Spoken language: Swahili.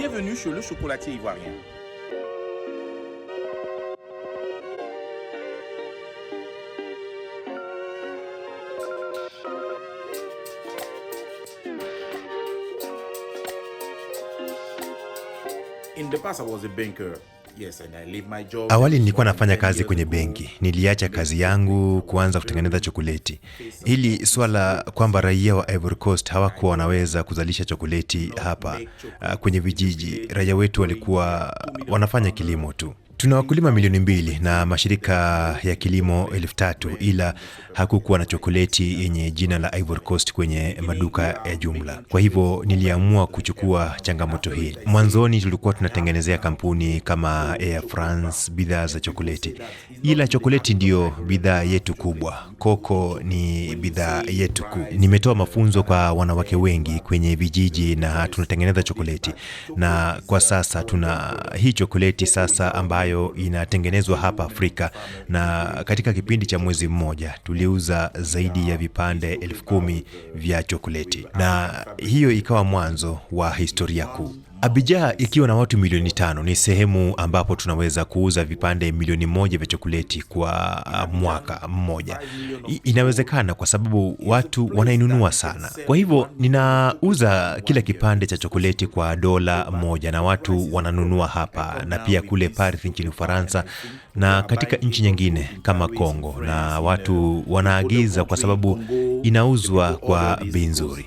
Bienvenue chez le chocolatier ivoirien. In the past, I was a banker. Awali nilikuwa nafanya kazi kwenye benki, niliacha kazi yangu kuanza kutengeneza chokoleti. Hili swala kwamba raia wa Ivory Coast hawakuwa wanaweza kuzalisha chokoleti hapa uh, kwenye vijiji, raia wetu walikuwa wanafanya kilimo tu. Tuna wakulima milioni mbili na mashirika ya kilimo elfu tatu ila hakukuwa na chokoleti yenye jina la Ivory Coast kwenye maduka ya jumla. Kwa hivyo niliamua kuchukua changamoto hii. Mwanzoni tulikuwa tunatengenezea kampuni kama Air France bidhaa za chokoleti, ila chokoleti ndiyo bidhaa yetu kubwa. Koko ni bidhaa yetu kuu. Nimetoa mafunzo kwa wanawake wengi kwenye vijiji na tunatengeneza chokoleti, na kwa sasa tuna hii chokoleti sasa ambayo inatengenezwa hapa Afrika, na katika kipindi cha mwezi mmoja tuliuza zaidi ya vipande elfu kumi vya chokoleti, na hiyo ikawa mwanzo wa historia kuu abija ikiwa na watu milioni tano ni sehemu ambapo tunaweza kuuza vipande milioni moja vya chokoleti kwa ah, mwaka mmoja. Inawezekana kwa sababu watu wanainunua sana. Kwa hivyo ninauza kila kipande cha chokoleti kwa dola moja na watu wananunua hapa na pia kule Paris nchini Ufaransa na katika nchi nyingine kama Kongo na watu wanaagiza kwa sababu inauzwa kwa bei nzuri.